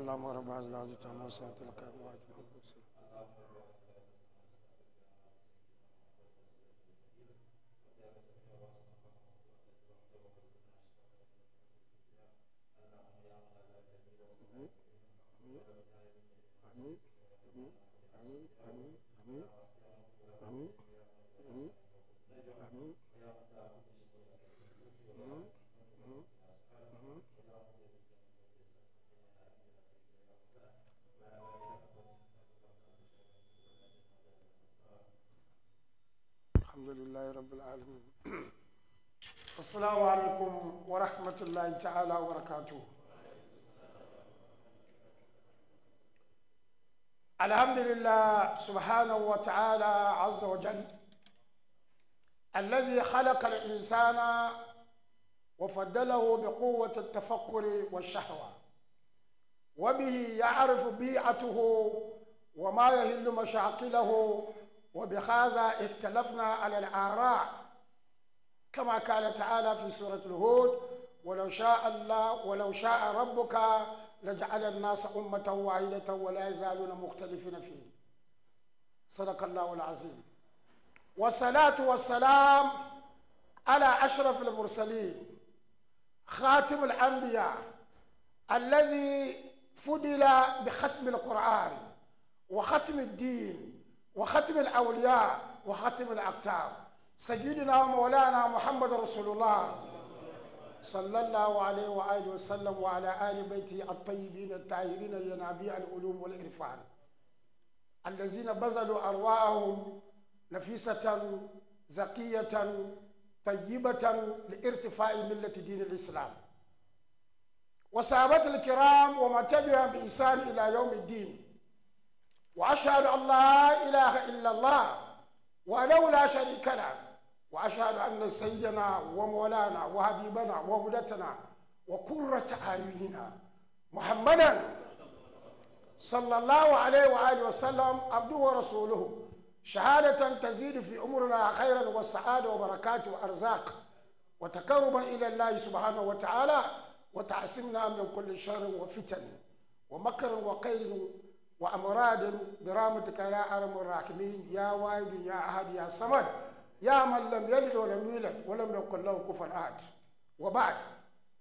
اللهم رب العزة العظيم تعمل صلاة لك رب العالمين السلام عليكم ورحمة الله تعالى وبركاته الحمد لله سبحانه وتعالى عز وجل الذي خلق الإنسان وفضله بقوة التفكر والشهوة وبه يعرف بيئته وما يهل مشاكله وبهذا اختلفنا على الآراء كما قال تعالى في سورة الهود ولو شاء الله ولو شاء ربك لجعل الناس أمة واحدة ولا يزالون مختلفين فيه صدق الله العظيم والصلاة والسلام على أشرف المرسلين خاتم الأنبياء الذي فضل بختم القرآن وختم الدين وختم الأولياء وختم الأكتاب سيدنا مولانا محمد رسول الله صلى الله عليه وآله وسلم وعلى آل بيته الطيبين الطاهرين الينابيع العلوم والإرفان الذين بذلوا أرواحهم نفيسة زكية طيبة لارتفاع ملة دين الإسلام وصحابة الكرام ومن تبعهم بإحسان إلى يوم الدين وأشهد أن لا إله إلا الله ولو لا شريك له وأشهد أن سيدنا ومولانا وحبيبنا وهدتنا وقرة أعيننا محمدا صلى الله عليه وآله وسلم عبده ورسوله شهادة تزيد في أمرنا خيرا والسعادة وبركات وأرزاق وتقربا إلى الله سبحانه وتعالى وتعصمنا من كل شر وفتن ومكر وقيل وأمراد برحمتك يا أرم الراحمين يا وايد يا أحد يا صمد يا من لم يلد ولم يولد ولم يقل له كفوا أحد وبعد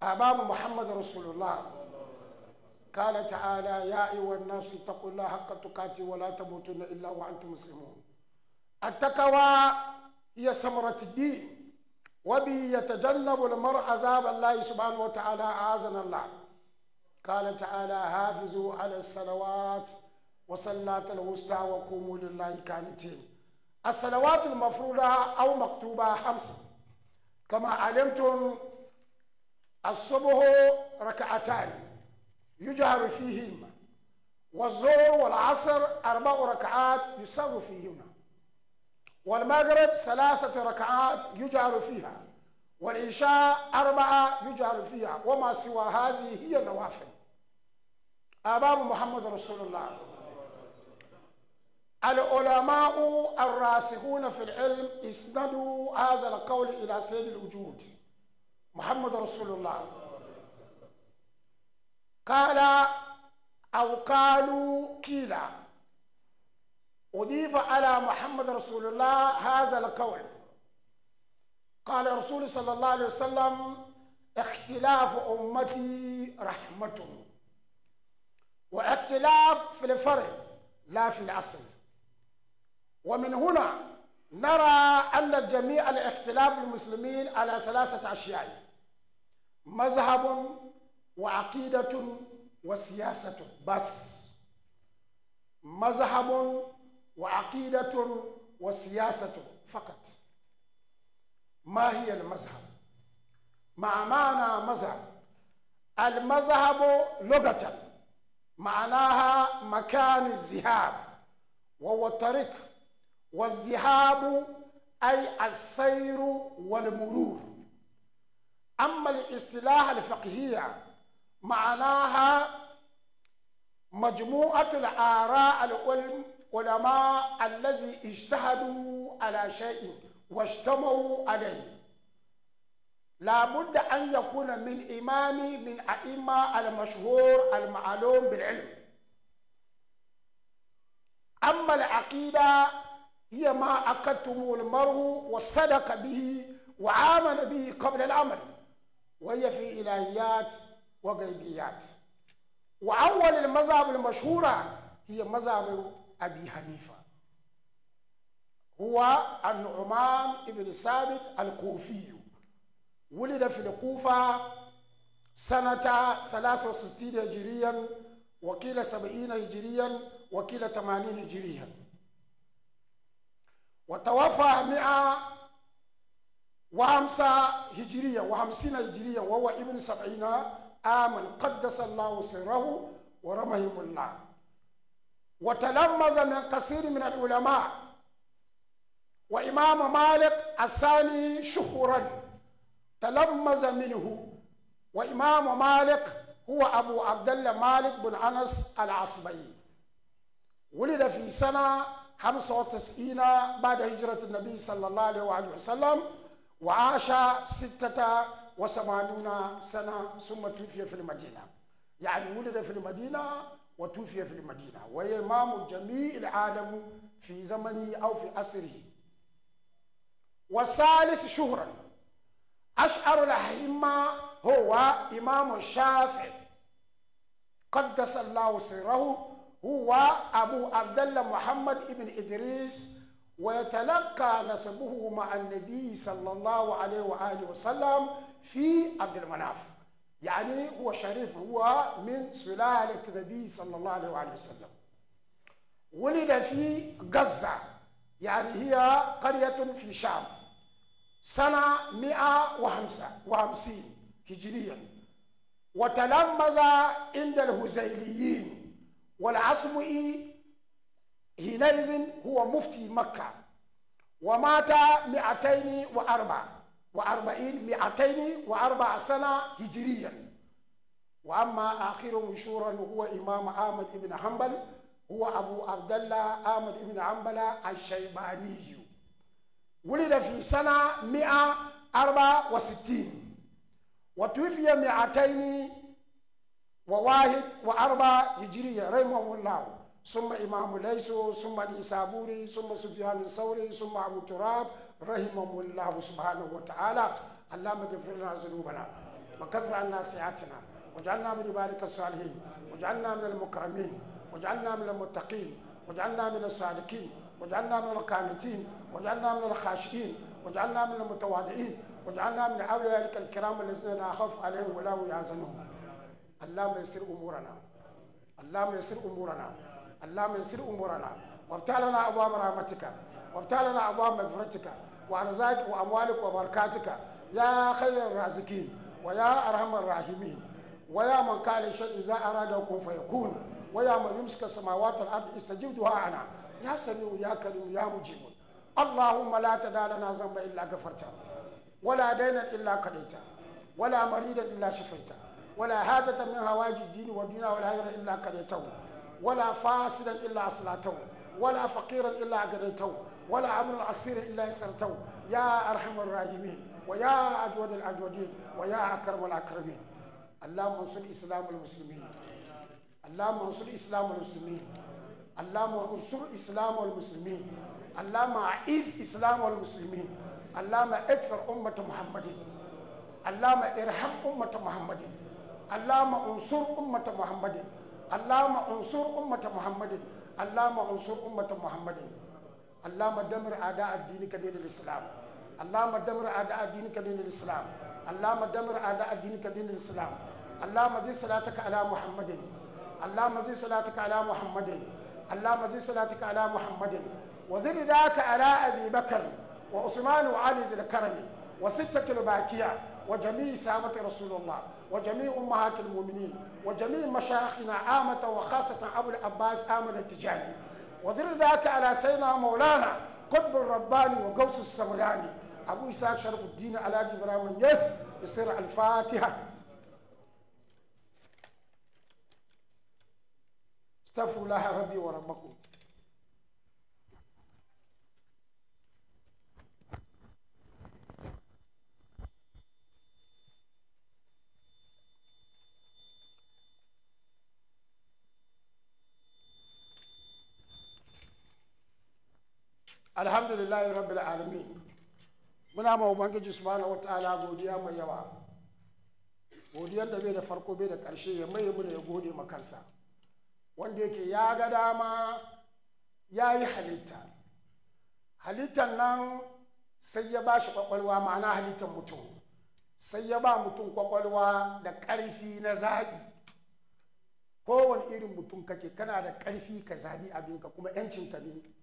أمام محمد رسول الله قال تعالى يا أيها الناس اتقوا الله حق تقاته ولا تموتن إلا وأنتم مسلمون التقوى هي ثمرة الدين وبه يتجنب المرء عذاب الله سبحانه وتعالى أعاذنا الله قال تعالى حافظوا على الصلوات وصلاة الوسطى وقوموا لله كانتين الصلوات المفروضة أو مكتوبة خمس كما علمتم الصبح ركعتان يجهر فيهما والظهر والعصر أربع ركعات يسر فيهما والمغرب ثلاثة ركعات يجهر فيها والعشاء أربعة يجهر فيها وما سوى هذه هي النوافل آباب محمد رسول الله العلماء الراسخون في العلم اسندوا هذا القول إلى سيد الوجود محمد رسول الله قال أو قالوا كلا أضيف على محمد رسول الله هذا القول قال رسول صلى الله عليه وسلم اختلاف أمتي رحمة واختلاف في الفرع لا في الأصل ومن هنا نرى أن جميع الاختلاف المسلمين على ثلاثة أشياء مذهب وعقيدة وسياسة بس مذهب وعقيدة وسياسة فقط ما هي المذهب؟ مع معنى مذهب المذهب لغة معناها مكان الذهاب وهو الطريق والذهاب أي السير والمرور أما الاصطلاح الفقهية معناها مجموعة الآراء العلماء الذي اجتهدوا على شيء واجتمعوا عليه لا بد أن يكون من إمام من أئمة المشهور المعلوم بالعلم أما العقيدة هي ما أكدتم المرء وصدق به وعامل به قبل العمل وهي في إلهيات وغيبيات وأول المذهب المشهورة هي مذهب أبي حنيفة هو النعمان بن ثابت الكوفي ولد في الكوفة سنة 63 هجريا وكيل 70 هجريا وكيل 80 هجريا وتوفى 105 هجرية وامسين هجرية وهو ابن سبعين آمن قدس الله سره ورمهم الله وتلمز من كثير من العلماء وإمام مالك الثاني شهرا تلمز منه وإمام مالك هو أبو عبد الله مالك بن أنس العصبي ولد في سنة 95 بعد هجرة النبي صلى الله عليه وسلم وعاش 86 سنة ثم توفي في المدينة يعني ولد في المدينة وتوفي في المدينة وهي إمام جميع العالم في زمنه أو في عصره والثالث شهرا أشعر الأئمة هو إمام الشافعي قدس الله سره هو أبو عبد الله محمد بن إدريس ويتلقى نسبه مع النبي صلى الله عليه وآله وسلم في عبد المناف يعني هو شريف هو من سلالة النبي صلى الله عليه وآله وسلم ولد في غزة يعني هي قرية في شام سنة 155 هجريا وتلمذ عند الهزيليين والعصم إيه هنائز هو مفتي مكة ومات وأربع وأربعين وأربع سنة هجريا وأما آخر مشورا هو إمام أحمد بن حنبل هو أبو عبد الله أحمد بن حنبل الشيباني ولد في سنة 164 وتوفي 200 وواحد وأربعة هجرية رحمه الله ثم إمام ليسو ثم الإسابوري ثم سفيان الثوري ثم أبو تراب رحمه الله سبحانه وتعالى اللهم اغفر لنا ذنوبنا وكفر عنا سيئاتنا وجعلنا من عبادك الصالحين وجعلنا من المكرمين وجعلنا من المتقين وجعلنا من السالكين وجعلنا من القانتين وجعلنا من الخاشعين وجعلنا من المتواضعين وجعلنا من أوليائك الكرام الذين لا خوف عليهم ولا هم يحزنون اللهم يسر امورنا اللهم يسر امورنا اللهم يسر امورنا وافتح لنا ابواب رحمتك وافتح لنا ابواب مغفرتك وارزاقك واموالك وبركاتك يا خير الرازقين ويا ارحم الراحمين ويا من قال شيء اذا اراد كن فيكون ويا من يمسك السماوات والارض استجب دعاءنا يا سميع يا كريم يا مجيب اللهم لا تدع لنا ذنبا الا غفرته ولا دينا الا قضيته ولا مريدا الا شفيته ولا حاجة من هواج الدين والدنيا ولا والآخرة إلا قضيته ولا فاسدا إلا أصلاته ولا فقيرا إلا قضيته ولا عمل عصير إلا يسرته يا أرحم الراحمين ويا أجود الأجودين ويا أكرم الأكرمين اللهم انصر الإسلام والمسلمين اللهم انصر الإسلام والمسلمين اللهم انصر الإسلام والمسلمين اللهم أعز الإسلام والمسلمين اللهم اكفر أمة محمد اللهم ارحم أمة محمد allama unsur ummata muhammadin allama unsur ummata muhammadin allama unsur ummata muhammadin allama damir ada addini ka islam allama damir ada addini ka islam allama damir ada addini ka islam allama zai salataka ala muhammadin allama zai salataka ala muhammadin allama zai salataka ala muhammadin wa zai ridaka ala abi bakar wa usmanu wa وجميع سامة رسول الله وجميع أمهات المؤمنين وجميع مشايخنا عامة وخاصة أبو العباس آمن التجاني وضر ذاك على سيدنا مولانا قطب الرباني وقوس السمراني أبو إسحاق شرف الدين على إبراهيم يس يصير الفاتحة استغفر الله ربي وربكم alhamdulillahi rabbil alamin muna ma ubangiji subhanahu wataala godiya mai yawa godiyar da bai da farko bai da karshe ya mai mu da ya gode ma kansa wanda yake ya ga dama ya yi halitta halittan nan sai ya ba shi kwakwalwa ma'ana halittan mutum sai ya ba mutum kwakwalwa da karfi na zaɓi kowane irin mutum kake kana da karfi ka zaɓi abinka kuma ka ne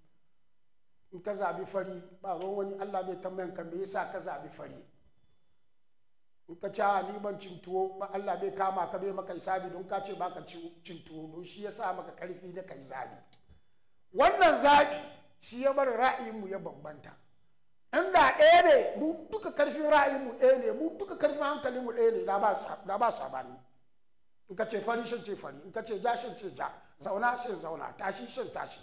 in ka zaɓi fari ba ruwan wani allah bai tambayan ka me yasa ka zaɓi fari in ka ci a liban cintuwo ba allah bai kama ka bai maka isabi don ka ce ba ka cintuwo don shi ya sa maka karfi na kai zaɓi wannan zaɓi shi ya bar ra'ayinmu ya bambanta in da ɗaya ne mu duka karfin ra'ayinmu ɗaya ne mu duka karfin hankalinmu ɗaya ne da ba sabani in ka ce fari shan ce fari in ka ce ja shan ce ja zauna shan zauna tashi shan tashi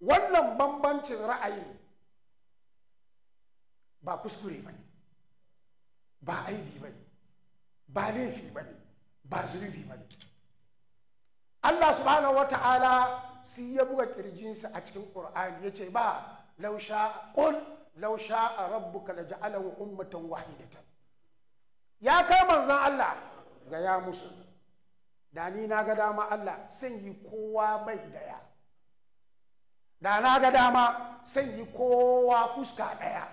wannan bambancin ra'ayi ba kuskure ba ne ba aibi ba ne ba laifi ba ne ba zunubi ba ne Allah subhanahu wa ta'ala sai ya buga kirjinsa a cikin Qur'ani ya ce ba lausha qul lausha a rabbuka la ja'alahu ummatan wahidatan ya kai manzan Allah ga ya musu da ni na ga dama Allah sun yi kowa bai daya da na ga dama sai yi kowa fuska ɗaya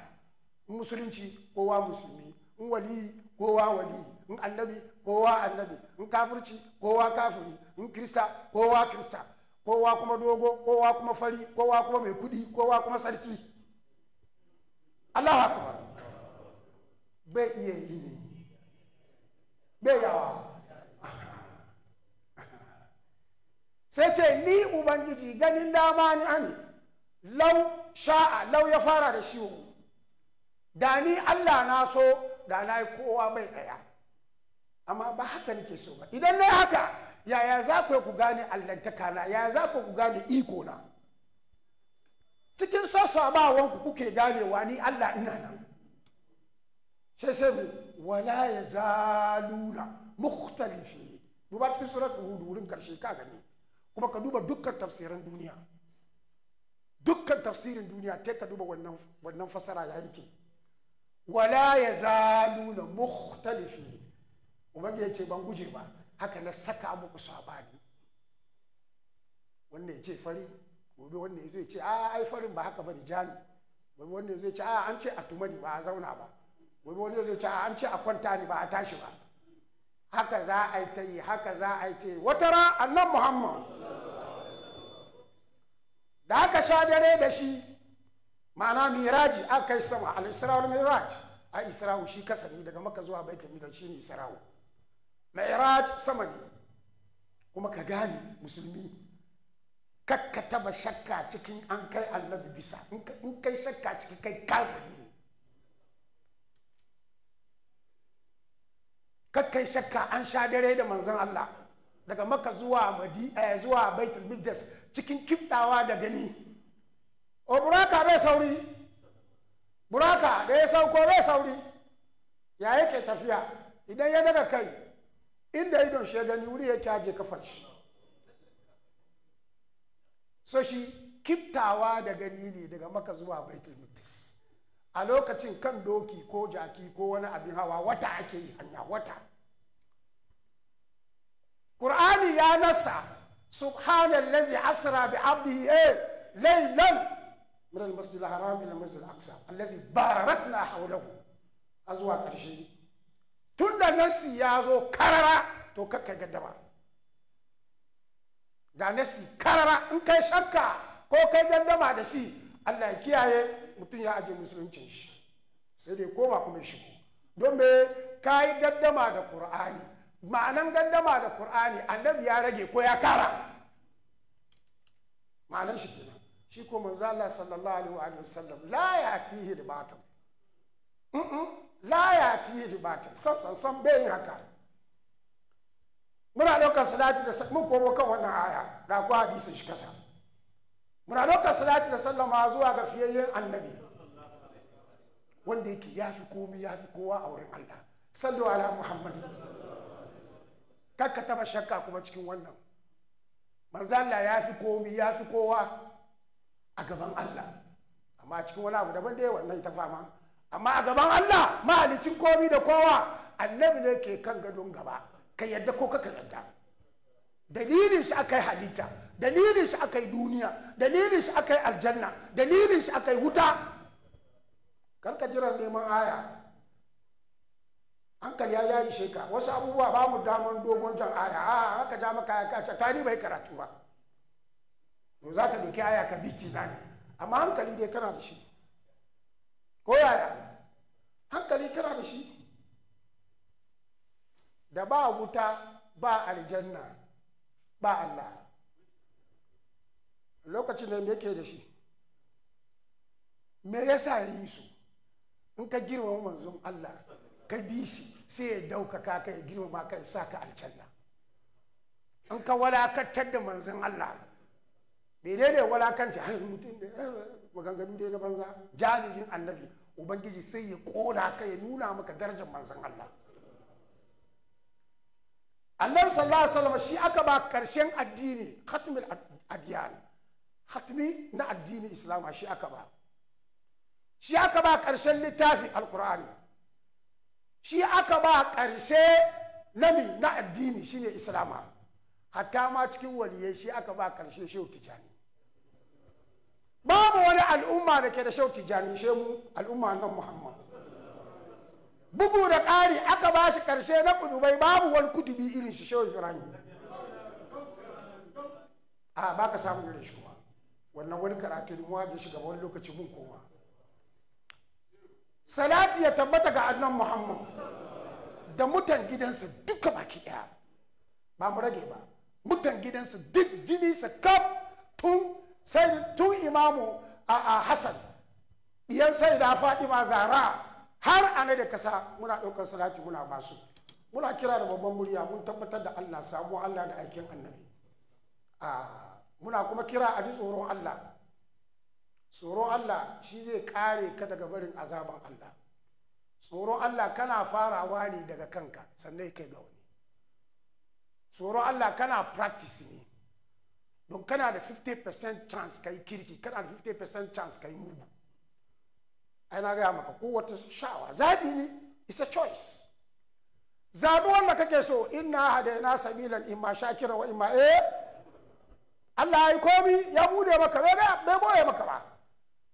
musulunci kowa musulmi in wali kowa wali in annabi kowa annabi in kafirci kowa kafiri in krista kowa krista kowa kuma dogo kowa kuma fari kowa kuma mai kudi kowa kuma sarki allah akbar bai iya yi bai yawa sai ce ni ubangiji ganin dama ni ami lau sha'a lau ya fara da shi da ni allah na so da na yi kowa mai ɗaya amma ba haka nake so ba idan na haka yaya za ku ku gane allantaka na yaya za ku ku gane iko na cikin sassabawan ku kuke ganewa ni allah ina nan sai sai mu wala ya zaluna mukhtalifi duba cikin surat hud wurin karshe ka gani kuma ka duba dukkan tafsirin duniya dukkan tafsirin duniya ta ka duba wannan fasara ya ke wala ya zalu na mukhtalifi ubangi ya ce ban guje ba haka na saka muku sabani wannan ya ce fari gobe wannan ya zai ce a ai farin ba haka bane jani gobe wannan ya zai ce a an ce a tumani ba a zauna ba gobe wannan ya zai ce a an ce a kwanta ne ba a tashi ba haka za a yi ta yi haka za a yi ta yi wata ra annan muhammad da aka sha dare da shi ma'ana miraji aka yi sama a israul miraj a isra'u shi kasani daga maka zuwa baitul miraj shi ne isra'u miraj sama ne kuma ka gane musulmi kakka taba shakka cikin an kai annabi bisa in kai shakka cikin kai kafiri ne kakkai shakka an sha dare da manzon Allah daga maka zuwa madi eh, zuwa baitul cikin kibdawa da gani o buraka bai sauri buraka da ya sauko bai sauri ya yake tafiya idan ya daga kai inda idon shi gani wuri ya aje kafar shi so shi kiftawa da gani ne daga maka zuwa baitul a lokacin kan doki ko jaki ko wani abin hawa wata ake yi hanya wata ƙur'ani ya nasa lazi asra bi abdihi eh, laylan al المسجد الحرام masjid al-aqsa allazi barakna hawlahu azwa karshe tunda nasi ya zo karara to kakka gaddama ga nasi karara in kai shakka ko kai gaddama da shi Allah ya kiyaye mutum ya aje musuluncin shi sai dai koma kuma shigo don me ka yi gaddama da qur'ani ma'anan gaddama da qur'ani annabi ya rage ko ya kara ma'anan shi kenan shi ko manzo Allah sallallahu alaihi wa sallam la yatihi mm la yatihi libatin san san san bai haka muna ɗaukar salati da mun komo kan wannan aya da ku hadisin shi kasa muna ɗaukar salati da sallama zuwa ga fiyayyen annabi wanda yake ya fi komi ya fi kowa a wurin Allah sallu ala muhammadin kakka taba shakka kuma cikin wannan manzala ya fi komi ya fi kowa a gaban Allah amma cikin wani abu daban dai wannan ta fama amma a gaban Allah mahalicin komi da kowa annabi ne ke kan gadon gaba ka yadda ko ka yadda dalilin shi aka yi halitta dalilin shi aka yi duniya dalilin shi aka yi aljanna dalilin shi aka yi wuta karka jiran neman aya hankali ya yayi sheka wasu abubuwa ba mu daman dogon jan aya a haka ja maka ya kace ta ni bai karatu ba to za ka doki aya ka biti na ne amma hankali dai kana da shi ko yaya hankali kana da shi da ba wuta ba aljanna ba Allah lokacin da yake da shi me yasa ya yi su in ka girmama manzon Allah ka bi shi sai ya daukaka ka ya girmama ka ya sa ka aljanna in ka walakantar da manzon Allah menene walakanci mutum da eh, maganganu dai na banza jami'in annabi ubangiji sai ya kora ka ya nuna maka darajar manzon Allah annabi sallallahu alaihi wasallam shi aka ba karshen addini khatmul adyan khatmi na addini islam shi aka ba shi aka ba karshen littafi alqur'ani shi aka ba karshe nami na addini shine islama hatta ma cikin waliyai shi aka ba karshe shehu tijani babu wani al'umma da ke da shehu tijani shemu al'umma nan muhammad bugu da ƙari aka ba shi ƙarshe na kudubai babu wani kudubi irin shi shehu ibrahim a ba ka samu irin shi kuma wannan wani karatu da mu da shi gaba wani lokaci mun koma salati ya tabbata ga annan muhammad da mutan gidansa duka baki ɗaya ba mu rage ba mutan gidansa duk jini sa kaf tun sai tun imamu a hassan biyan sai da faɗi ma zara har ana da kasa muna ɗaukar salati muna basu muna kira da babban murya mun tabbatar da Allah samu Allah da aikin annabi muna kuma kira a ji tsoron Allah tsoron Allah shi zai kare ka daga barin azaban Allah tsoron Allah kana farawa ne daga kanka sannan kai ga wani tsoron Allah kana practice ne don kana da 50% chance ka yi kirki kana da 50% chance ka yi mugu ai na gaya maka wata sha'awa zaɓi ne it's a choice zaɓi wanda kake so inna hadaina sabilan imma shakira wa imma eh Allah ya yi komi ya bude maka bai bai boye maka ba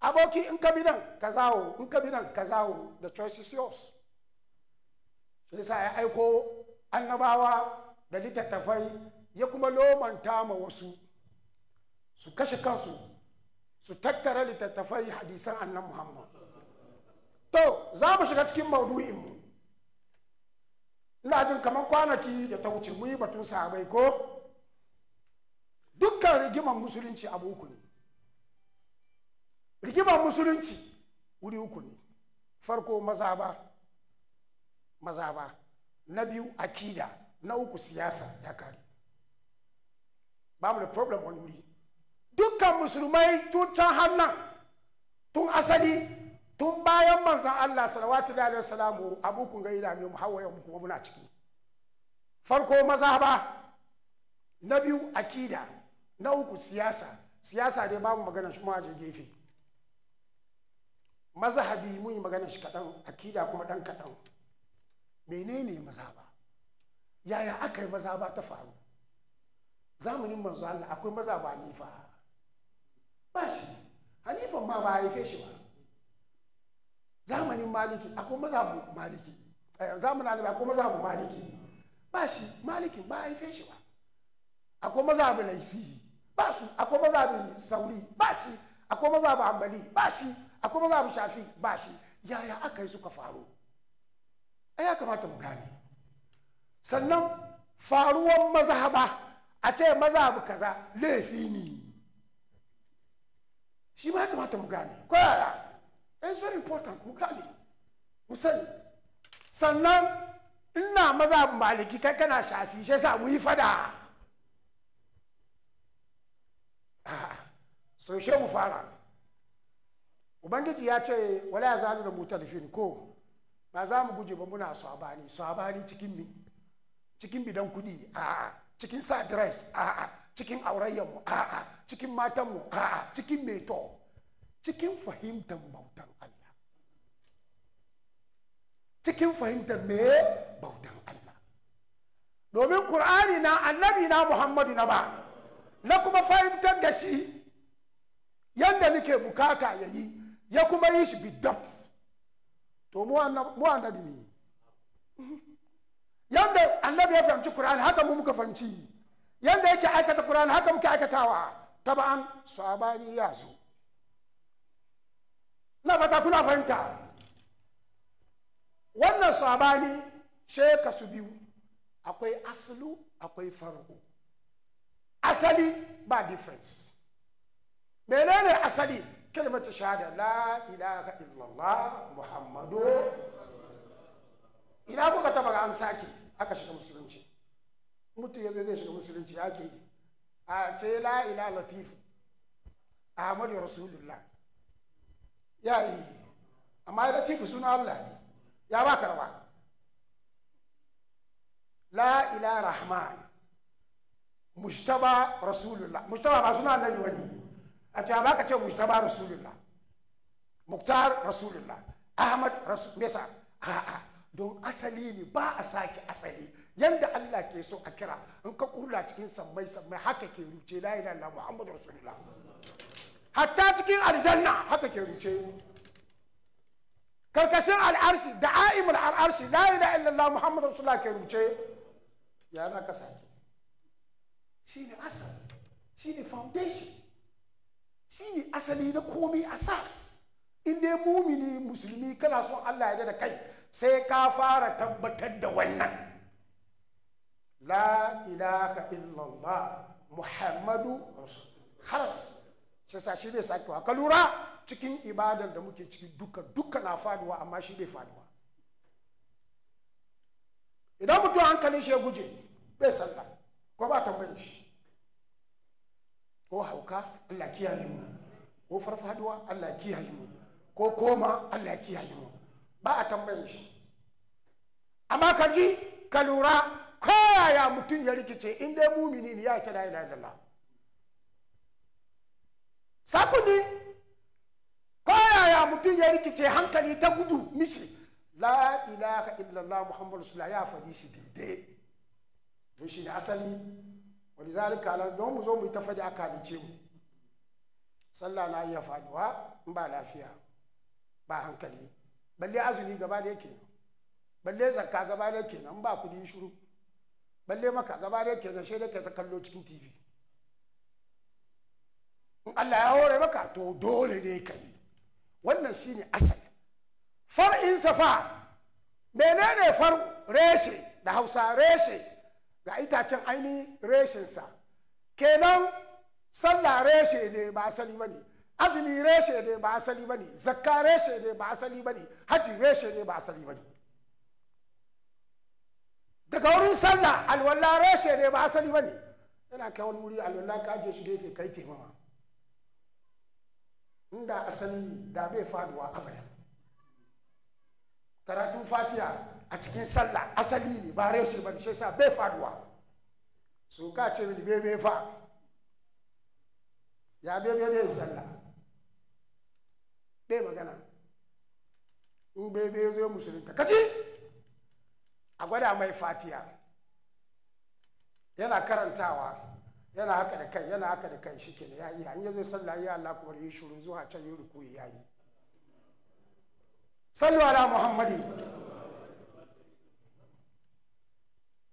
aboki in ka bi nan ka zawo in ka bi nan ka zawo the choice is yours shi yasa ya aiko annabawa da littattafai ya kuma lomanta ma wasu su kashe kansu su tattara littattafai hadisan annan muhammad to za mu shiga cikin maudu'in mu ina jin kamar kwanaki da ta wuce mu yi batun sahabai ko dukkan rigimar musulunci abu uku ne rigimar musulunci wuri uku ne farko mazaba mazaba na biyu akida na uku siyasa ya kare mu da problem wani wuri dukkan musulmai tun can hannan tun asali tun bayan manzan Allah salawatu da alaihi salamu abu kun ga ilami kuma muna ciki farko maza ba na biyu akida na uku siyasa siyasa dai babu magana shi ma gefe mazhabi mun yi magana shi kaɗan akida kuma ɗan kaɗan menene mazhaba yaya aka yi mazhaba ta faru zamanin manzo Allah akwai mazhaba hanifa ba shi hanifan ma ba haife shi ba zamanin maliki akwai mazhabu maliki eh, zamanin alibai akwai mazhabu maliki ba shi malikin ba haife shi ba akwai mazhabu laisi ba su akwai mazhabu sauri ba shi akwai mazhabu ambali ba shi akwai mazhabu shafi ba shi yaya aka yi suka faru a ya kamata mu gane sannan faruwan mazhaba a ce mazhabu kaza laifi ne shi ma ya kamata mu gane ko yaya it's very important Mukali. sannan ina maza maliki kai kana shafi shi sa mu yi fada so she mu fara ubangiji ya ce wala ya zalu da mutalifin ko ba za mu guje ba muna sabani sabani cikin mi cikin bidan kudi a cikin sa dress a cikin aurayyanmu a cikin matanmu a cikin meto cikin fahimtar bautan cikin fahimtar me bautan Allah domin Kur'ani na annabi na Muhammadu na ba na kuma fahimtar da shi yadda nake bukata ya yi ya kuma yi shi bidat to mu annabi ne yadda annabi ya fahimci Kur'ani haka mu muka fahimci yadda yake aikata Kur'ani haka muke aikatawa taba'an sabani ya zo na fata kuna fahimta wannan sabani sheka su biyu akwai asalu, akwai faru asali ba difference menene asali kalmata shahada la ilaha illallah muhammadu ina kuka taba an sake aka shiga musulunci mutu ya zai shiga musulunci ya ke a ce la ila latifu ahmadu rasulullah ya yi amma latif suna allah ne ya ba karba la ila rahman mujtaba rasulullah mujtaba ba suna annabi wani a ce ba ka ce mujtaba rasulullah muktar rasulullah ahmad rasul mesa a'a don asali ne ba a sake asali yanda Allah ke so a kira in ka kula cikin sammai sammai haka ke ruce la ila illallah muhammadu rasulullah hatta cikin aljanna haka ke ruce karkashin al'arshi da a'imul al'arshi la ilaha illallah muhammadu rasulullah ke rubuce ya na kasa ke shine asali shine foundation shine asali na komai asas in dai mumini musulmi kana son Allah ya da kai sai ka fara tabbatar da wannan la ilaha illallah muhammadu rasul khalas shi sa shi bai sake ka lura cikin ibadan da muke ciki duka duka na faduwa amma shi bai faduwa idan mutum hankalin shi ya guje bai sallah ko ba tambayin shi ko hauka Allah kiyaye mu ko farfaduwa Allah kiyaye mu ko koma Allah kiyaye mu ba a tambayin shi amma ka ji ka lura ko yaya mutum ya rikice in dai mumini ne ya ta la ilaha illallah sakuni koyaya mutum ya rikice hankali ta gudu mishi la ilaha illallah muhammad rasulullah ya faɗi shi daidai don shi ne asali wani zalika ala don mu zo mu yi ta faɗi aka halice mu sallah na iya faɗuwa in ba lafiya ba hankali balle azumi gaba da yake balle zakka gaba da yake in ba kuɗi shiru balle maka gaba da yake shi da ke ta kallo cikin tv in Allah ya hore maka to dole ne ka yi wannan shi ne asali far'insa safa menene far reshe da hausa reshe ga itacen ainihin reshensa kenan sallah reshe ne ba asali ba ne azumi reshe ne ba asali ba ne zakka reshe ne ba asali ba ne haji reshe ne ba asali ba ne daga wurin sallah alwallah reshe ne ba asali ba ne yana kai wani wuri alwallah ka ajiye shi yake kai taimama inda asali da bai faduwa abadan karatun fatiya a cikin sallah asali ne ba reshe ba shi sa bai faduwa so ka ce mini bebe fa ya bebe ne sallah bai magana in bebe bai zo musulunta kaci a gwada mai fatiya yana karantawa yana haka da kai yana haka da kai shi ke ya yi an zai sallah ya Allah kuma yi shuru zuwa can yi ruku ya yi sallu ala muhammadi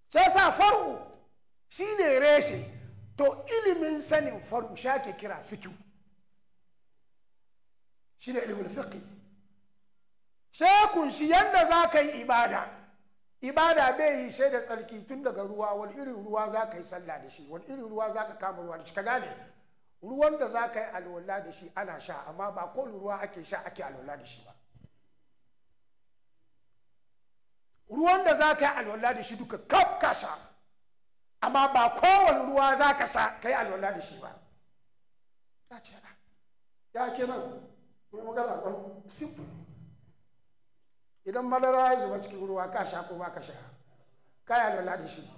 sai sa faru shi ne reshe to ilimin sanin faru ke kira shi ne ilimin fiki sai shi yadda za ka yi ibada ibada bai yi sai da tsarki tun daga ruwa wani irin ruwa za ka yi sallah da shi wani irin ruwa za ka kama ruwa da shi ka gane ruwan da za ka yi alwala da shi ana sha amma ba kowane ruwa ake sha ake alwala da shi ba ruwan da za ka yi alwala da shi duka kaf ka sha amma ba kowane ruwa za ka sha ka yi alwala da shi ba ya ce ah, ya ke nan kuma magana simple idan madara ya zuba cikin ruwa ka sha ko ba ka sha ka yi alwala da shi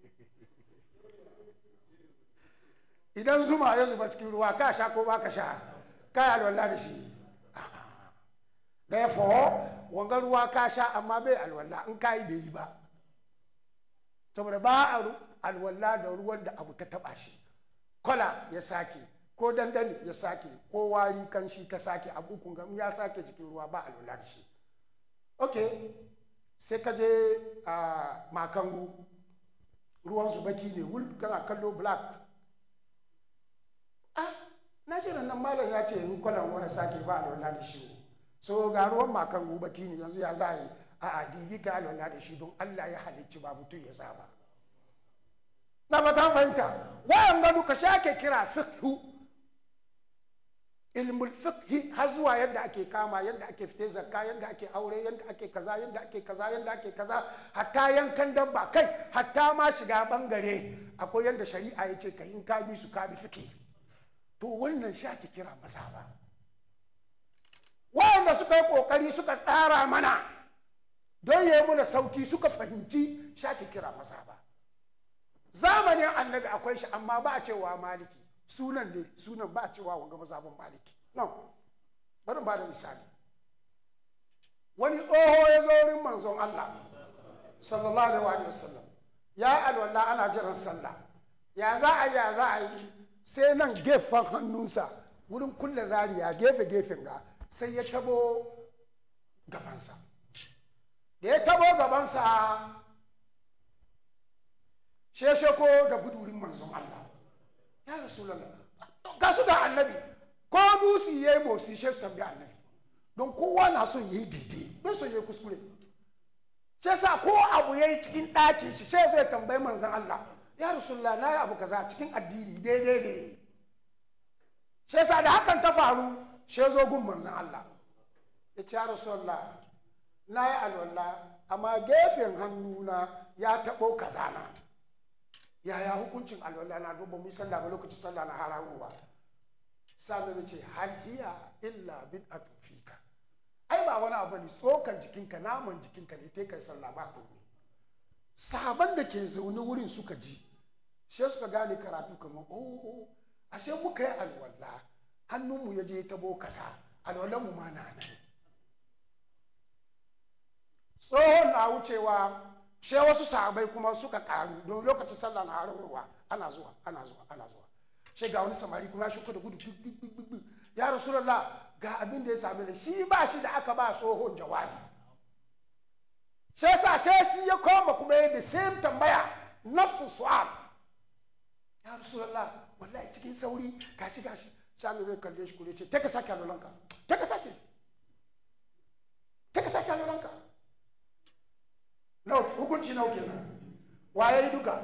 idan zuma ya zuba cikin ruwa ka sha ko ba ka sha ka yi alwala da shi da ya wanga ruwa ka sha amma bai alwala in ka yi bai yi ba saboda ba a alwala da ruwan da abu ta taba shi kwala ya sake ko dandali ya sake ko wari kanshi ta sake bukun kun ya sake jikin ruwa ba alwala da shi ok sai ka je a makangu ruwan su baki ne wul kana kallo black ah na ce nan malam ya ce in kwanan wani sake ba alwala da shi so ga ruwan makangu baki ne yanzu ya za yi a adibi ka alwala da shi don allah ya halicci ba mutum ya saba na ba ta fahimta wayan ga ka shake kira fiqhu ilmul fiqhi har zuwa yadda ake kama yadda ake fite zakka yadda ake aure yadda ake kaza yadda ake kaza yadda ake kaza hatta yankan dabba kai hatta ma shiga bangare akwai yadda shari'a ya ce ka in ka bi su ka bi fiqhi to wannan shi ake kira maza ba wanda suka yi kokari suka tsara mana don ya yi sauki suka fahimci shi ake kira maza ba zamanin annabi akwai shi amma ba a cewa maliki sunan ne sunan ba cewa wanga mazhabin maliki no bari ba da misali wani tsoho ya zo wurin manzon Allah sallallahu alaihi wa sallam ya alwala ana jiran sallah ya za a ya za a yi sai nan gefen hannunsa wurin kulle zariya gefe gefen ga sai ya tabo gabansa da ya tabo gabansa sheshe ko da gudurin manzon Allah ya rasulallah ga su da annabi ko musu yayi motsi shi su tambayi annabi don kowa na son yayi daidai don son yayi kuskure shi sa ko abu yayi cikin ɗakin shi sai zai tambayi manzan Allah ya rasulullah na yi abu kaza cikin addini daidai ne shi yasa da hakan ta faru shi zo gun manzon Allah ya ce ya rasulullah na yi alwala amma gefen hannuna ya taɓo kazana yaya hukuncin alwala na duba mu sanda ba lokacin sallah na hararowa sannan ce hal hiya illa bid'atu fika ai ba wani abu ne tsokan jikinka naman jikinka ne kai kai sallah ba komai Sabon da ke zaune wurin suka ji shi suka gane karatu kamar oh ashe muka yi alwala hannunmu ya je ta kasa alwalanmu ma na nan tsohon na wucewa she wasu sahabai kuma suka karu don lokacin sallah na ruwa ana zuwa ana zuwa ana zuwa she ga wani samari kuma ya shuka da gudu ya rasulullah ga abin da ya sami ni shi ba shi da aka ba tsohon jawabi she sa she shi ya koma kuma ya da same tambaya nafsu su'al ya rasulullah wallahi cikin sauri gashi gashi shanu ne kalle shi kure ce ta ka sake alolanka ta sake ta ka sake alolanka nawa hukunci na kenan waye duka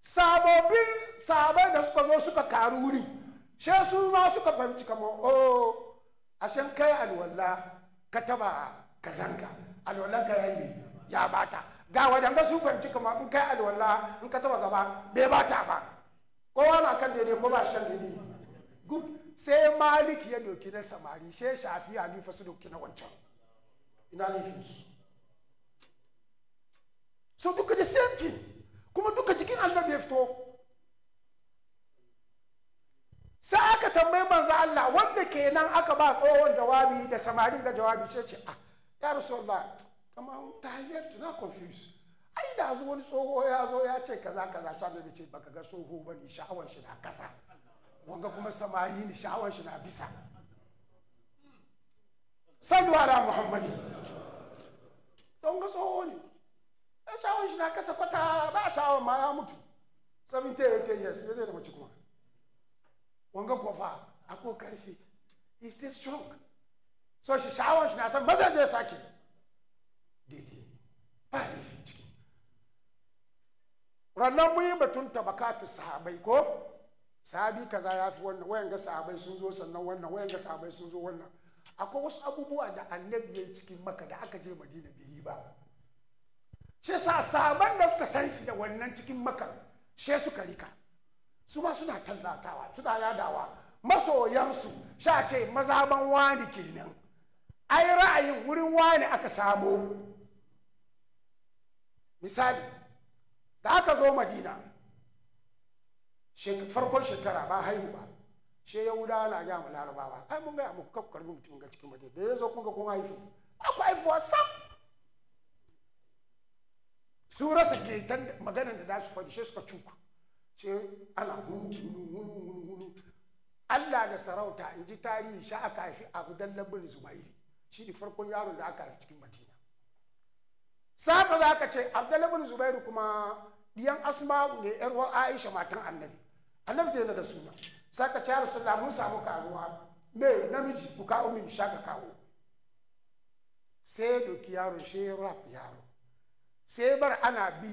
sabobin sabai da suka zo suka karu wuri she su ma suka fahimci kama o oh, shan kai alwala ka taba ka zanga alwallah ka yayi ya bata ga ga su fahimci kama in kai alwala in ka taba gaba bai bata ba kowa na kan daidai ko ba shi kan daidai sai malik ya doki na samari she shafi nufa su doki na wancan ina laifinsu so duka da same thing kuma duka cikin annabi ya fito sai aka tambayi manzo Allah wanda ke nan aka ba tsohon jawabi da samarin ga jawabi ce ce ah ya rasulullah kamar ta hanyar tuna confuse ai da zo wani tsoho ya zo ya ce kaza kaza sha da ce baka ga tsoho bane sha'awar shi na kasa wanga kuma samari ne sha'awar shi na bisa sallu ala muhammadi don ga tsoho ne ɗan shawon shi na kasa kwata ba a shawon ma ya mutu 78 years ya zai da mace kuma wanga kwafa a ko karfe. he still strong so shi shawon shi na san ba zai je sake daidai ba laifin ciki rannan mun yi batun tabakatu sahabai ko sahabi kaza ya fi wannan wayan ga sahabai sun zo sannan wannan wayan ga sahabai sun zo wannan akwai wasu abubuwa da annabi ya yi cikin maka da aka je madina bai yi ba shi sa saman da suka san shi da wannan cikin makar shi suka rika su ma suna tallatawa suna yadawa masoyansu sha ce mazaban wani kenan ai ra'ayin wurin wani aka samo misali da aka zo madina farkon shekara ba haihu ba she yahudawa na gaya ma larabawa ai mun ga mu kakku karbi mutum ga cikin madina da ya zo kun ga kun haifu aku haifuwa sam su rasa kaitan magana da za su faɗi shi suka cuku ce ana hunu Allah da sarauta in ji tarihi sha aka haifi abu dallabin zubairi shi ne farkon yaron da aka haifi cikin madina saba za ka ce abdullabin zubairu kuma diyan asma'u ne yar aisha matan annabi annabi zai na da suna Saka ka ce ya rasulullah mun samu karuwa me namiji ku kawo min sha ka kawo sai doki yaro she rap yaro sai bar ana bi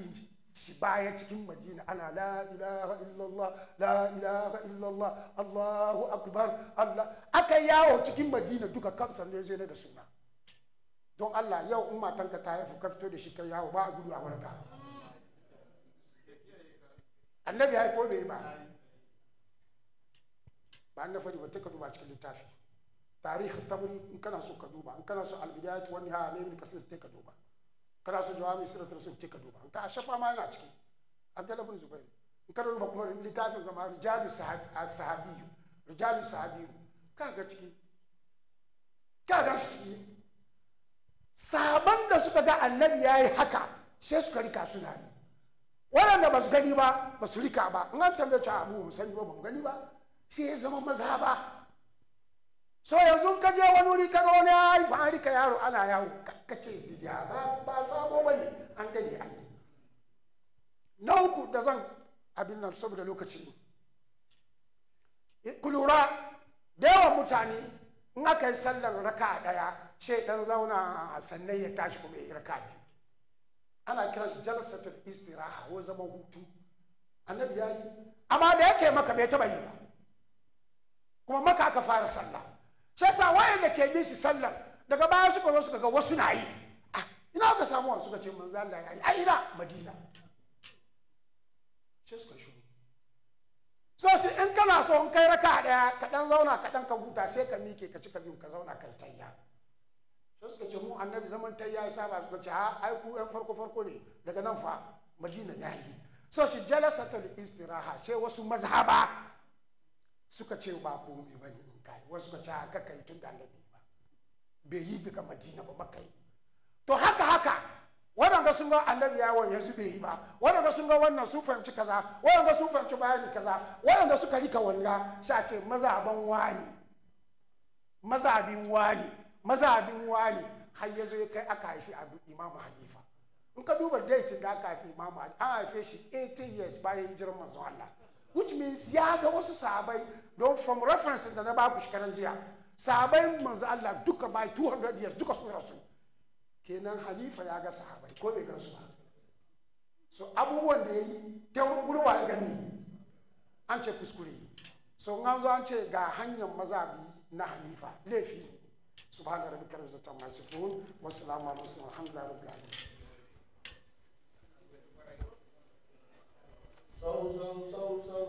shi baya cikin madina ana la ilaha illallah la ilaha illallah allahu akbar allah aka yawo cikin madina duka kamsa ne zai da suna don allah yau in matanka ta haifu ka fito da shi kai yawo ba a gudu a warka annabi haifo bai ba ba na faɗi ba ta ka duba cikin littafi tarihi tabari in kana so ka duba in kana so albidayat wani ha ne ka sirri ta ka duba kana so jawami sirat sirri ta ka duba ta ka shafa ma yana ciki abdullahi bin zubair in ka duba kuma littafin ga ma rijalu sahabiyu rijalu sahabi ka ga ciki ka ga ciki sahaban da suka ga annabi ya yi haka sai suka rika suna yi waɗanda ba su gani ba ba su rika ba in an tambaye cewa abu mu ba ba mu gani ba sai ya zama ba so yanzu ka je wani wuri ka ga wani ya an rika yaro ana yawo ka ce bidiya ba ba sabo bane an gane an yi na uku da zan abin nan saboda lokaci ku lura da yawan mutane in aka yi sallar raka daya sai dan zauna a sannan ya tashi kuma ya yi raka ne. ana kira shi jalsatul istiraha ko zaman hutu annabi ya yi amma da yake maka bai taba yi ba kuma maka aka fara sallah shi yasa wayanda ke bin shi sallar daga baya suka zo suka ga wasu na yi ah, ina ka samu wani suka ce manzo Allah ya yi ina madina shi suka shi so shi in kana so in kai raka daya ka dan zauna ka dan ka huta sai ka mike ka cika biyu ka zauna kai tayya sai suka ce mu annabi zaman tayya ya saba suka ce ha ah, ai ku yan farko farko ne daga nan fa madina ya yi so shi jalasatul istiraha sai wasu mazhaba suka ce ba komai ba ne in kai wasu ka ce haka kai tun da annabi ba bai yi daga madina ba makai to haka haka waɗanda sun ga annabi wani yanzu bai yi ba waɗanda sun ga wannan sun fahimci kaza waɗanda sun fahimci bayani kaza waɗanda suka rika wanga sha ce mazaban wani mazabin wani mazabin wani har ya zo ya kai aka haifi abu imamu hanifa in ka duba date da aka haifi imamu an haife shi 80 years bayan hijirar manzon Allah which means ya ga wasu sahabai don from reference da na baku shekaran jiya sahabai manzo Allah duka by 200 years duka sun rasu kenan halifa ya ga sahabai ko bai gansu ba so abubuwan da yayi ta gurwa ya gani an ce kuskure so an zo an ce ga hanyar mazabi na halifa laifi subhana rabbika rabbil izzati amma yasifun wassalamu alaikum alhamdulillahi wa فوزا فوزا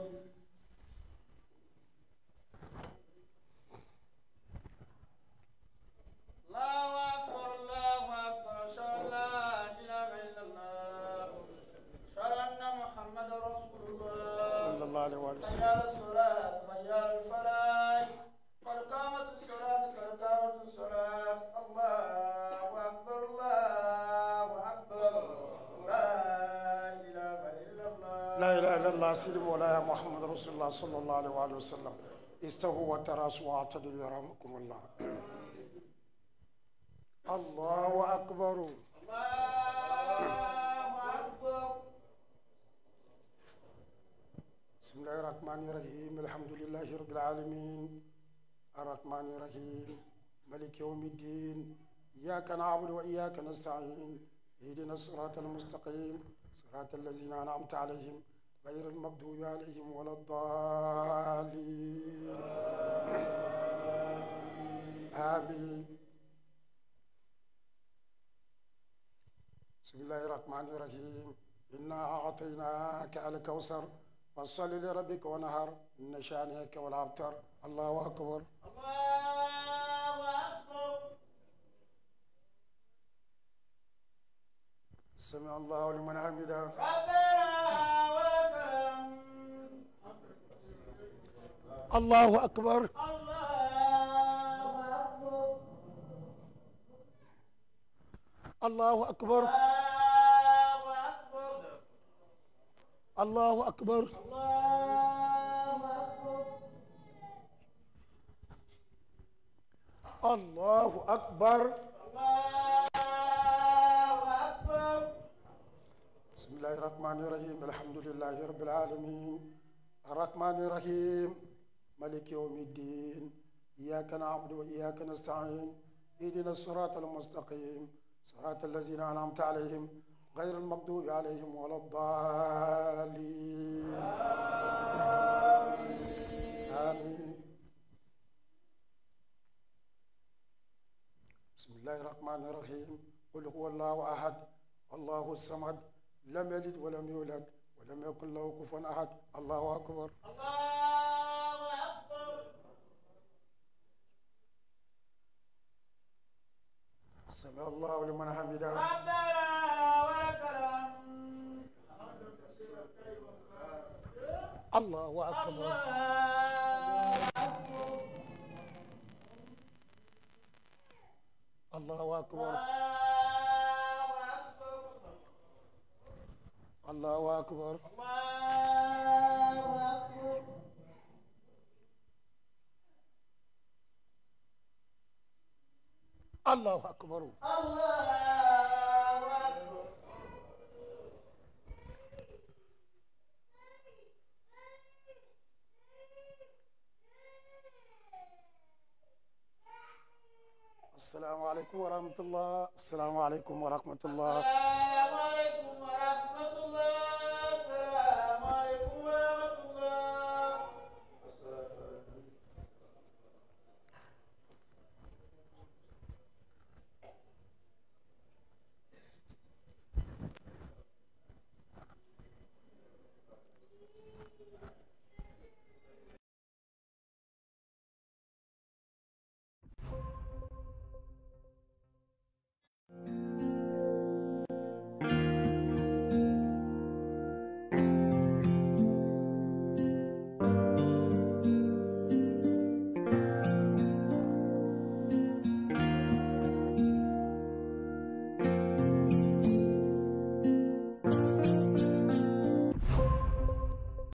الله أكبر الله أكبر أشهد لا إله إلا الله أشهد أن محمدا رسول الله صلى الله عليه وسلم حي على الصلاة حي على الفلاح قد قامت الصلاة الصلاة الله لا إله إلا الله سلم ولا يا محمد رسول الله صلى الله عليه وآله وسلم استووا وتراصوا واعتدلوا يرحمكم الله الله أكبر الله أكبر بسم الله الرحمن الرحيم الحمد لله رب العالمين الرحمن الرحيم ملك يوم الدين إياك نعبد وإياك نستعين اهدنا الصراط المستقيم صراط الذين أنعمت عليهم غير المغضوب عليهم ولا الضالين آمين بسم الله الرحمن الرحيم إنا أعطيناك الكوثر فصل لربك ونهر إن شانئك والأبتر الله أكبر الله أكبر سمع الله لمن حمده ربنا الله أكبر الله أكبر الله أكبر الله أكبر بسم الله الرحمن الرحيم الحمد لله رب العالمين الرحمن الرحيم ملك يوم الدين إياك نعبد وإياك نستعين اهدنا الصراط المستقيم صراط الذين أنعمت عليهم غير المغضوب عليهم ولا الضالين آمين. آمين بسم الله الرحمن الرحيم قل هو الله أحد الله الصمد لم يلد ولم يولد ولم يكن له كفوا أحد الله أكبر الله سمع الله لمن حمده ربنا ولك الله أكبر الله أكبر الله أكبر الله أكبر الله أكبر الله أكبر السلام عليكم ورحمة الله السلام عليكم ورحمة الله